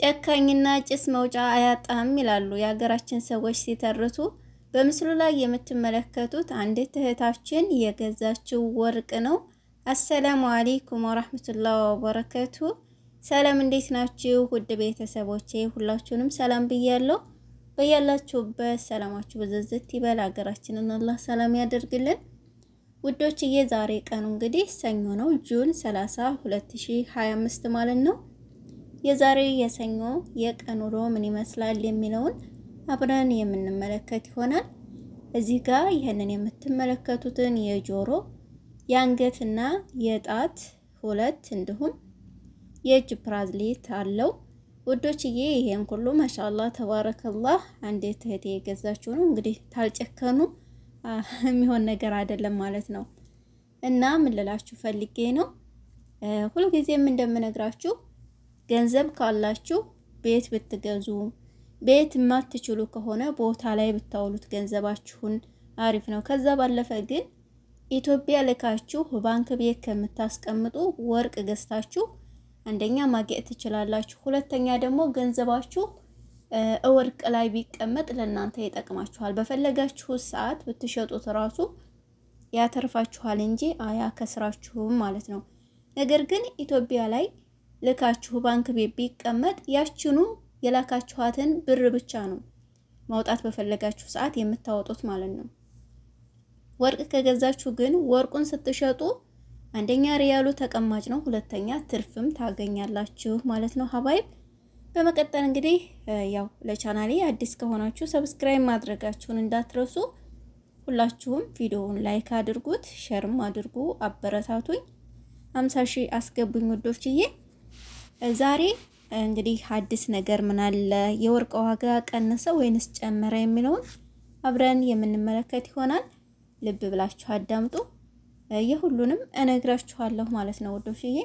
ጨካኝና ጭስ መውጫ አያጣም ይላሉ የሀገራችን ሰዎች ሲተርቱ። በምስሉ ላይ የምትመለከቱት አንዲት እህታችን የገዛችው ወርቅ ነው። አሰላሙ አሌይኩም ወራህመቱላህ ወበረከቱ። ሰላም እንዴት ናችሁ ውድ ቤተሰቦቼ? ሁላችሁንም ሰላም ብያለሁ። በያላችሁበት ሰላማችሁ ብዝዝት ይበል። ሀገራችንን አላህ ሰላም ያደርግልን። ውዶችዬ ዛሬ ቀኑ እንግዲህ ሰኞ ነው፣ ጁን 30 2025 ማለት ነው። የዛሬ የሰኞ የቀን ውሎ ምን ይመስላል የሚለውን አብረን የምንመለከት ይሆናል። እዚህ ጋር ይህንን የምትመለከቱትን የጆሮ የአንገትና የጣት ሁለት እንዲሁም የእጅ ብራዝሌት አለው። ውዶችዬ ይሄን ሁሉ ማሻአላ ተባረከላህ አንድ እህቴ የገዛችው ነው። እንግዲህ ታልጨከኑ የሚሆን ነገር አይደለም ማለት ነው። እና ምን ልላችሁ ፈልጌ ነው ሁልጊዜም እንደምነግራችሁ ገንዘብ ካላችሁ ቤት ብትገዙ፣ ቤት የማትችሉ ከሆነ ቦታ ላይ ብታውሉት ገንዘባችሁን አሪፍ ነው። ከዛ ባለፈ ግን ኢትዮጵያ ልካችሁ ባንክ ቤት ከምታስቀምጡ ወርቅ ገዝታችሁ አንደኛ ማግኘት ትችላላችሁ፣ ሁለተኛ ደግሞ ገንዘባችሁ ወርቅ ላይ ቢቀመጥ ለእናንተ ይጠቅማችኋል። በፈለጋችሁት ሰዓት ብትሸጡት ራሱ ያተርፋችኋል እንጂ አያከስራችሁም ማለት ነው። ነገር ግን ኢትዮጵያ ላይ ልካችሁ ባንክ ቤት ቢቀመጥ ያችኑ የላካችኋትን ብር ብቻ ነው ማውጣት በፈለጋችሁ ሰዓት የምታወጡት ማለት ነው። ወርቅ ከገዛችሁ ግን ወርቁን ስትሸጡ አንደኛ ሪያሉ ተቀማጭ ነው፣ ሁለተኛ ትርፍም ታገኛላችሁ ማለት ነው። ሀባይብ በመቀጠል እንግዲህ ያው ለቻናሌ አዲስ ከሆናችሁ ሰብስክራይብ ማድረጋችሁን እንዳትረሱ። ሁላችሁም ቪዲዮውን ላይክ አድርጉት፣ ሸርም አድርጉ፣ አበረታቱኝ። 50 ሺህ አስገቡኝ ውዶችዬ። ዛሬ እንግዲህ አዲስ ነገር ምን አለ፣ የወርቅ ዋጋ ቀነሰ ወይንስ ጨመረ የሚለውን አብረን የምንመለከት ይሆናል። ልብ ብላችሁ አዳምጡ። የሁሉንም እነግራችኋለሁ ማለት ነው ወዶች። ይሄ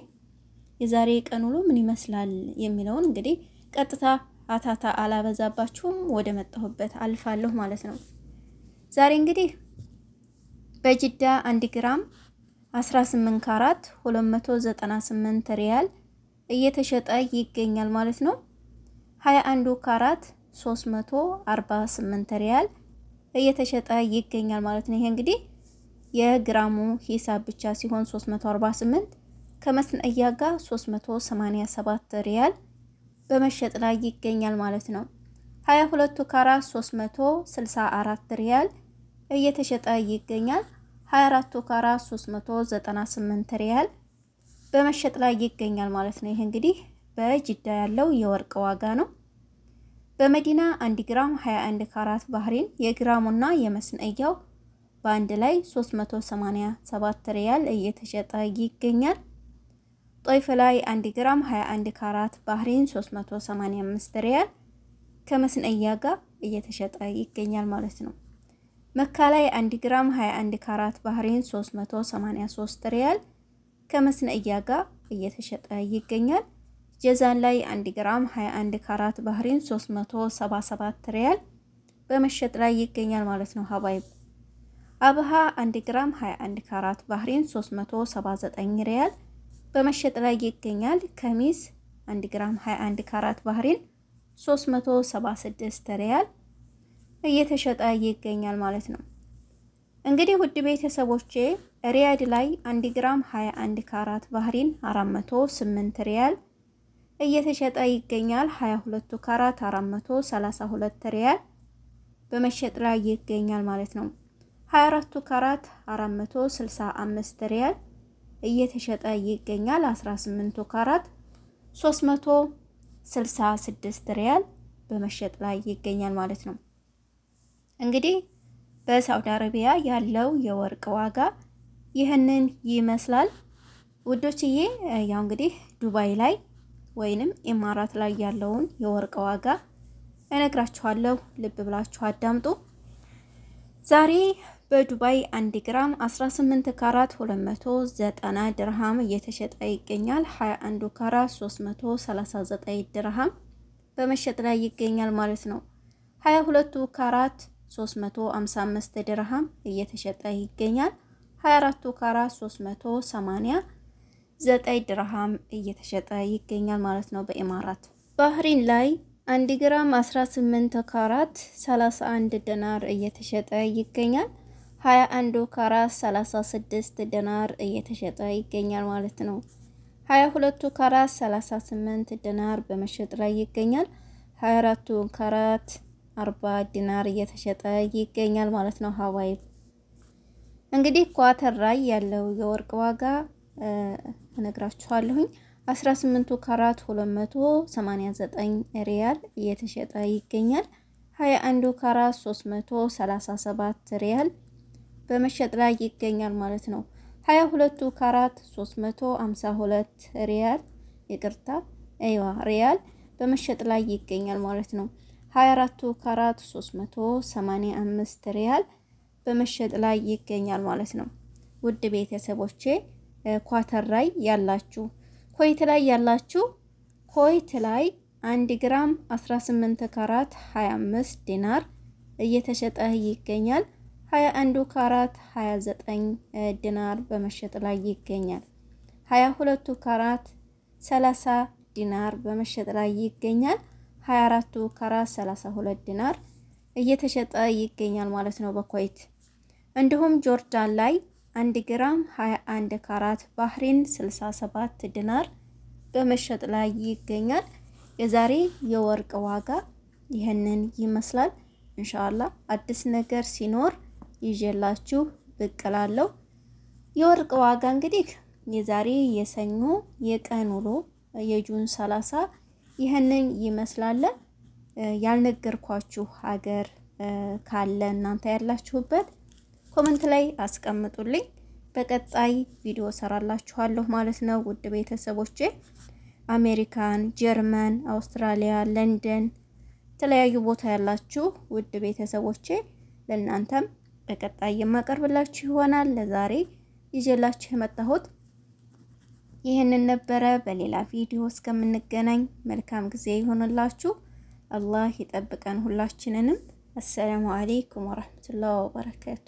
የዛሬ ቀን ውሎ ምን ይመስላል የሚለውን እንግዲህ ቀጥታ አታታ አላበዛባችሁም፣ ወደ መጣሁበት አልፋለሁ ማለት ነው። ዛሬ እንግዲህ በጅዳ አንድ ግራም 18 ካራት 298 ሪያል እየተሸጠ ይገኛል ማለት ነው። ካራት 348 ሪያል እየተሸጠ ይገኛል ማለት ነው። ይሄ እንግዲህ የግራሙ ሂሳብ ብቻ ሲሆን 348 ከመስነያ ጋር 387 ሪያል በመሸጥ ላይ ይገኛል ማለት ነው። ካራት 364 ሪያል እየተሸጠ ይገኛል። ካራት 398 ሪያል በመሸጥ ላይ ይገኛል ማለት ነው። ይህ እንግዲህ በጅዳ ያለው የወርቅ ዋጋ ነው። በመዲና 1 ግራም 21 ካራት ባህሪን የግራሙና የመስነያው በአንድ ላይ 387 ሪያል እየተሸጠ ይገኛል። ጦይፍ ላይ 1 ግራም 21 ካራት ባህሪን 385 ሪያል ከመስነያ ጋር እየተሸጠ ይገኛል ማለት ነው። መካ ላይ 1 ግራም 21 ካራት ባህሪን 383 ሪያል ከመስነእያ ጋር እየተሸጠ ይገኛል። ጀዛን ላይ 1 ግራም 21 ካራት ባህሪን 377 ሪያል በመሸጥ ላይ ይገኛል ማለት ነው። ሀባይብ አብሃ 1 ግራም 21 ካራት ባህሪን 379 ሪያል በመሸጥ ላይ ይገኛል። ከሚስ 1 ግራም 21 ካራት ባህሪን 376 ሪያል እየተሸጠ ይገኛል ማለት ነው። እንግዲህ ውድ ቤተሰቦቼ ሪያድ ላይ 1 ግራም 21 ካራት ባህሪን 408 ሪያል እየተሸጠ ይገኛል። 22 ካራት 432 ሪያል በመሸጥ ላይ ይገኛል ማለት ነው። 24 ካራት 465 ሪያል እየተሸጠ ይገኛል። 18 ካራት 366 ሪያል በመሸጥ ላይ ይገኛል ማለት ነው እንግዲህ በሳውዲ አረቢያ ያለው የወርቅ ዋጋ ይህንን ይመስላል ውዶችዬ። ያው እንግዲህ ዱባይ ላይ ወይንም ኢማራት ላይ ያለውን የወርቅ ዋጋ እነግራችኋለሁ። ልብ ብላችሁ አዳምጡ። ዛሬ በዱባይ 1 ግራም 18 ካራት 290 ድርሃም እየተሸጠ ይገኛል። 21 ካራት 339 ድርሃም በመሸጥ ላይ ይገኛል ማለት ነው። 22 ካራት 355 ድርሃም እየተሸጠ ይገኛል። 24ቱ ካራት 389 ድርሃም እየተሸጠ ይገኛል ማለት ነው። በኢማራት ባህሪን ላይ 1 ግራም 18 ካራት 31 ድናር እየተሸጠ ይገኛል። 21 ካራ 36 ድናር እየተሸጠ ይገኛል ማለት ነው። 22 ካራ 38 ዲናር በመሸጥ ላይ ይገኛል። 24 ካራት አርባ ዲናር እየተሸጠ ይገኛል ማለት ነው። ሀዋይ እንግዲህ ኳተር ላይ ያለው የወርቅ ዋጋ እነግራችኋለሁኝ። 18ቱ ካራት 289 ሪያል እየተሸጠ ይገኛል። 21ዱ ካራት 337 ሪያል በመሸጥ ላይ ይገኛል ማለት ነው። 22ቱ ካራት 352 ሪያል ይቅርታ፣ አይዋ ሪያል በመሸጥ ላይ ይገኛል ማለት ነው። 24ቱ ካራት 385 ሪያል በመሸጥ ላይ ይገኛል ማለት ነው። ውድ ቤተሰቦቼ ኳተር ላይ ያላችሁ፣ ኮይት ላይ ያላችሁ ኮይት ላይ 1 ግራም 18 ካራት 25 ዲናር እየተሸጠ ይገኛል። 21 ካራት 29 ዲናር በመሸጥ ላይ ይገኛል። 22 ካራት 30 ዲናር በመሸጥ ላይ ይገኛል። 24ቱ ካራት 32 ዲናር እየተሸጠ ይገኛል ማለት ነው በኩዌት። እንዲሁም ጆርዳን ላይ 1 ግራም 21 ካራት ባህሪን 67 ዲናር በመሸጥ ላይ ይገኛል። የዛሬ የወርቅ ዋጋ ይህንን ይመስላል። እንሻላ አዲስ ነገር ሲኖር ይዤላችሁ ብቅ እላለሁ። የወርቅ ዋጋ እንግዲህ የዛሬ የሰኞ የቀን ውሎ የጁን 30 ይህንን ይመስላል። ያልነገርኳችሁ ሀገር ካለ እናንተ ያላችሁበት ኮመንት ላይ አስቀምጡልኝ። በቀጣይ ቪዲዮ ሰራላችኋለሁ ማለት ነው። ውድ ቤተሰቦቼ አሜሪካን፣ ጀርመን፣ አውስትራሊያ፣ ለንደን የተለያዩ ቦታ ያላችሁ ውድ ቤተሰቦቼ ለእናንተም በቀጣይ የማቀርብላችሁ ይሆናል። ለዛሬ ይዤላችሁ የመጣሁት ይህንን ነበረ። በሌላ ቪዲዮ እስከምንገናኝ መልካም ጊዜ ይሆንላችሁ። አላህ ይጠብቀን ሁላችንንም። አሰላሙ አሌይኩም ወረህመቱላህ ወበረካቱ።